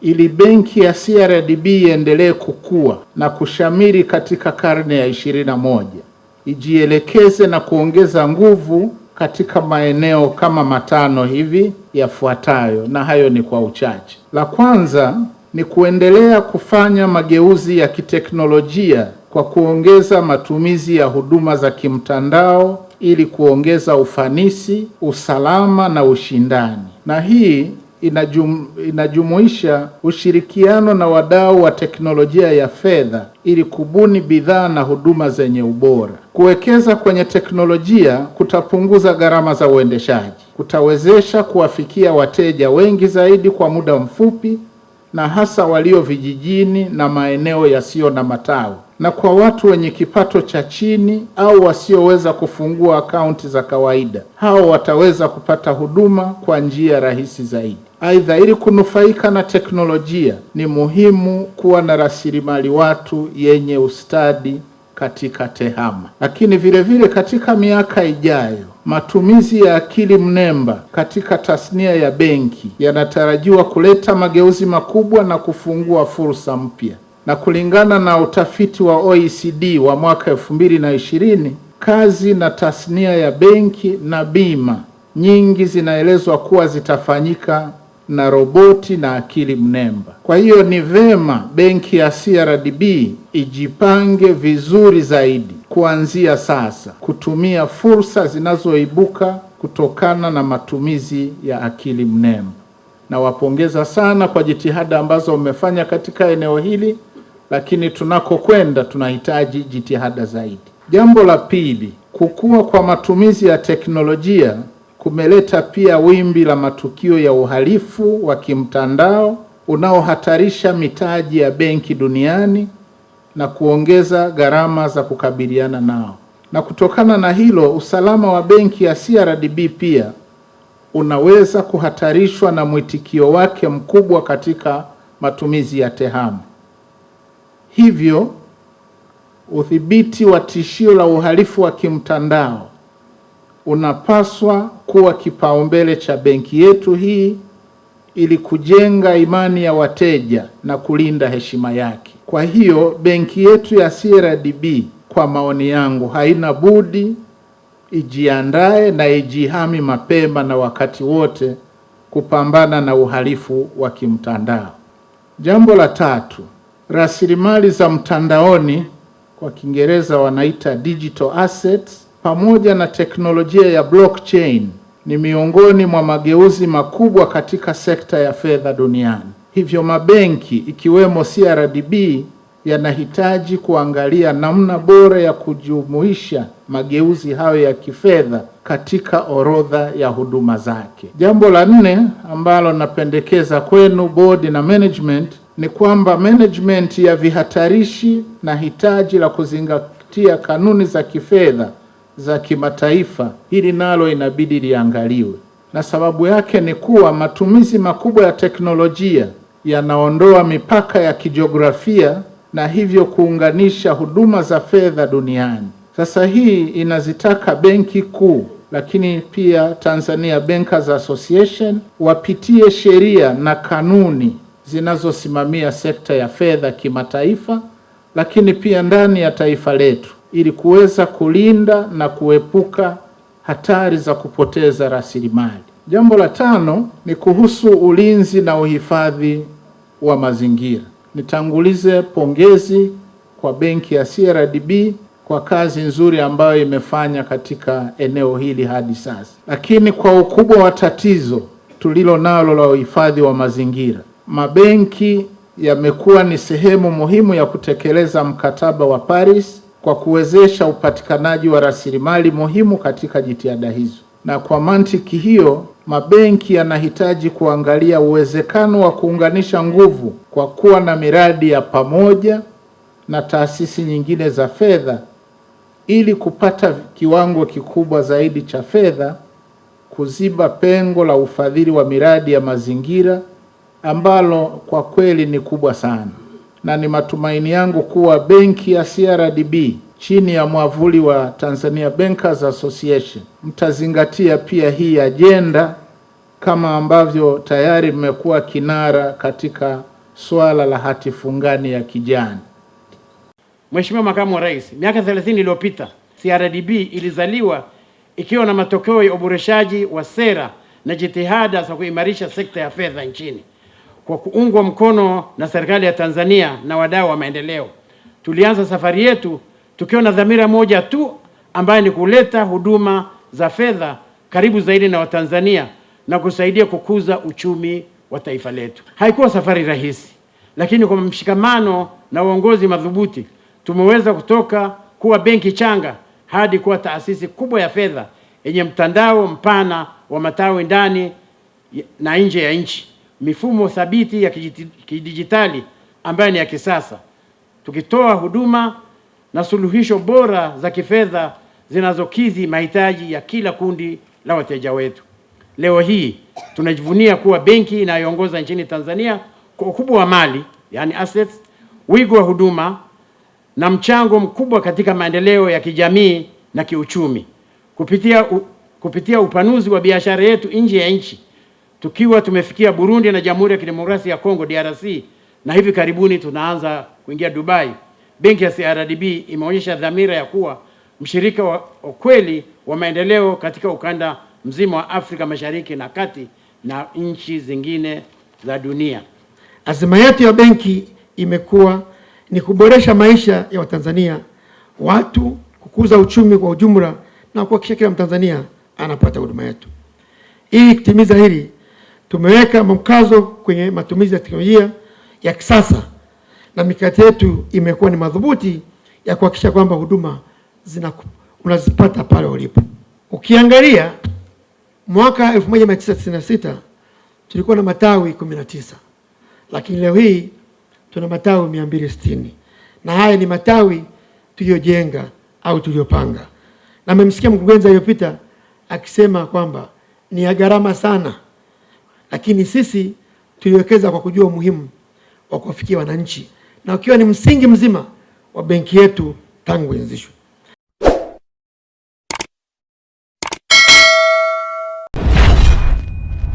Ili benki ya CRDB iendelee kukua na kushamiri katika karne ya 21, ijielekeze na kuongeza nguvu katika maeneo kama matano hivi yafuatayo, na hayo ni kwa uchache. La kwanza ni kuendelea kufanya mageuzi ya kiteknolojia kwa kuongeza matumizi ya huduma za kimtandao ili kuongeza ufanisi, usalama na ushindani. Na hii inajum, inajumuisha ushirikiano na wadau wa teknolojia ya fedha ili kubuni bidhaa na huduma zenye ubora. Kuwekeza kwenye teknolojia kutapunguza gharama za uendeshaji, kutawezesha kuwafikia wateja wengi zaidi kwa muda mfupi na hasa walio vijijini na maeneo yasiyo na matawi na kwa watu wenye kipato cha chini au wasioweza kufungua akaunti za kawaida. Hao wataweza kupata huduma kwa njia rahisi zaidi. Aidha, ili kunufaika na teknolojia ni muhimu kuwa na rasilimali watu yenye ustadi katika TEHAMA. Lakini vile vile katika miaka ijayo matumizi ya akili mnemba katika tasnia ya benki yanatarajiwa kuleta mageuzi makubwa na kufungua fursa mpya na kulingana na utafiti wa OECD wa mwaka elfu mbili na ishirini, kazi na tasnia ya benki na bima nyingi zinaelezwa kuwa zitafanyika na roboti na akili mnemba. Kwa hiyo ni vema benki ya CRDB ijipange vizuri zaidi kuanzia sasa kutumia fursa zinazoibuka kutokana na matumizi ya akili mnemba. Nawapongeza sana kwa jitihada ambazo mmefanya katika eneo hili lakini tunakokwenda tunahitaji jitihada zaidi. Jambo la pili, kukua kwa matumizi ya teknolojia kumeleta pia wimbi la matukio ya uhalifu wa kimtandao unaohatarisha mitaji ya benki duniani na kuongeza gharama za kukabiliana nao. Na kutokana na hilo, usalama wa benki ya CRDB pia unaweza kuhatarishwa na mwitikio wake mkubwa katika matumizi ya tehama. Hivyo, udhibiti wa tishio la uhalifu wa kimtandao unapaswa kuwa kipaumbele cha benki yetu hii ili kujenga imani ya wateja na kulinda heshima yake. Kwa hiyo, benki yetu ya CRDB kwa maoni yangu haina budi ijiandae na ijihami mapema na wakati wote kupambana na uhalifu wa kimtandao. Jambo la tatu, rasilimali za mtandaoni kwa Kiingereza wanaita digital assets pamoja na teknolojia ya blockchain ni miongoni mwa mageuzi makubwa katika sekta ya fedha duniani. Hivyo mabenki ikiwemo CRDB yanahitaji kuangalia namna bora ya kujumuisha mageuzi hayo ya kifedha katika orodha ya huduma zake. Jambo la nne ambalo napendekeza kwenu bodi na management ni kwamba management ya vihatarishi na hitaji la kuzingatia kanuni za kifedha za kimataifa, hili nalo inabidi liangaliwe, na sababu yake ni kuwa matumizi makubwa ya teknolojia yanaondoa mipaka ya kijiografia na hivyo kuunganisha huduma za fedha duniani. Sasa hii inazitaka benki kuu lakini pia Tanzania Bankers Association wapitie sheria na kanuni zinazosimamia sekta ya fedha kimataifa, lakini pia ndani ya taifa letu ili kuweza kulinda na kuepuka hatari za kupoteza rasilimali. Jambo la tano ni kuhusu ulinzi na uhifadhi wa mazingira. Nitangulize pongezi kwa benki ya CRDB kwa kazi nzuri ambayo imefanya katika eneo hili hadi sasa, lakini kwa ukubwa wa tatizo tulilo nalo la uhifadhi wa mazingira mabenki yamekuwa ni sehemu muhimu ya kutekeleza mkataba wa Paris kwa kuwezesha upatikanaji wa rasilimali muhimu katika jitihada hizo, na kwa mantiki hiyo mabenki yanahitaji kuangalia uwezekano wa kuunganisha nguvu kwa kuwa na miradi ya pamoja na taasisi nyingine za fedha ili kupata kiwango kikubwa zaidi cha fedha kuziba pengo la ufadhili wa miradi ya mazingira ambalo kwa kweli ni kubwa sana, na ni matumaini yangu kuwa benki ya CRDB chini ya mwavuli wa Tanzania Bankers Association mtazingatia pia hii ajenda kama ambavyo tayari mmekuwa kinara katika swala la hati fungani ya kijani. Mheshimiwa Makamu wa Rais, miaka 30 iliyopita CRDB ilizaliwa ikiwa na matokeo ya uboreshaji wa sera na jitihada za kuimarisha sekta ya fedha nchini kwa kuungwa mkono na serikali ya Tanzania na wadau wa maendeleo. Tulianza safari yetu tukiwa na dhamira moja tu ambayo ni kuleta huduma za fedha karibu zaidi na Watanzania na kusaidia kukuza uchumi wa taifa letu. Haikuwa safari rahisi, lakini kwa mshikamano na uongozi madhubuti tumeweza kutoka kuwa benki changa hadi kuwa taasisi kubwa ya fedha yenye mtandao mpana wa matawi ndani na nje ya nchi mifumo thabiti ya kidijitali ambayo ni ya kisasa, tukitoa huduma na suluhisho bora za kifedha zinazokidhi mahitaji ya kila kundi la wateja wetu. Leo hii tunajivunia kuwa benki inayoongoza nchini Tanzania kwa ukubwa wa mali, yani assets, wigo wa huduma na mchango mkubwa katika maendeleo ya kijamii na kiuchumi. Kupitia, u, kupitia upanuzi wa biashara yetu nje ya nchi tukiwa tumefikia Burundi na Jamhuri ya Kidemokrasia ya Kongo DRC, na hivi karibuni tunaanza kuingia Dubai. Benki ya CRDB imeonyesha dhamira ya kuwa mshirika wa kweli wa maendeleo katika ukanda mzima wa Afrika Mashariki na Kati na nchi zingine za dunia. Azima yetu ya benki imekuwa ni kuboresha maisha ya Watanzania watu, kukuza uchumi kwa ujumla na kuhakikisha kila Mtanzania anapata huduma yetu. Ili kutimiza hili Tumeweka mkazo kwenye matumizi ya teknolojia ya kisasa na mikakati yetu imekuwa ni madhubuti ya kuhakikisha kwamba huduma zina unazipata pale ulipo. Ukiangalia mwaka 1996 tulikuwa na matawi 19 lakini leo hii tuna matawi 260 na haya ni matawi tuliyojenga au tuliyopanga, na mmemsikia mkurugenzi aliyopita akisema kwamba ni ya gharama sana lakini sisi tuliwekeza kwa kujua umuhimu wa kuwafikia wananchi na ukiwa ni msingi mzima wa benki yetu tangu ianzishwe.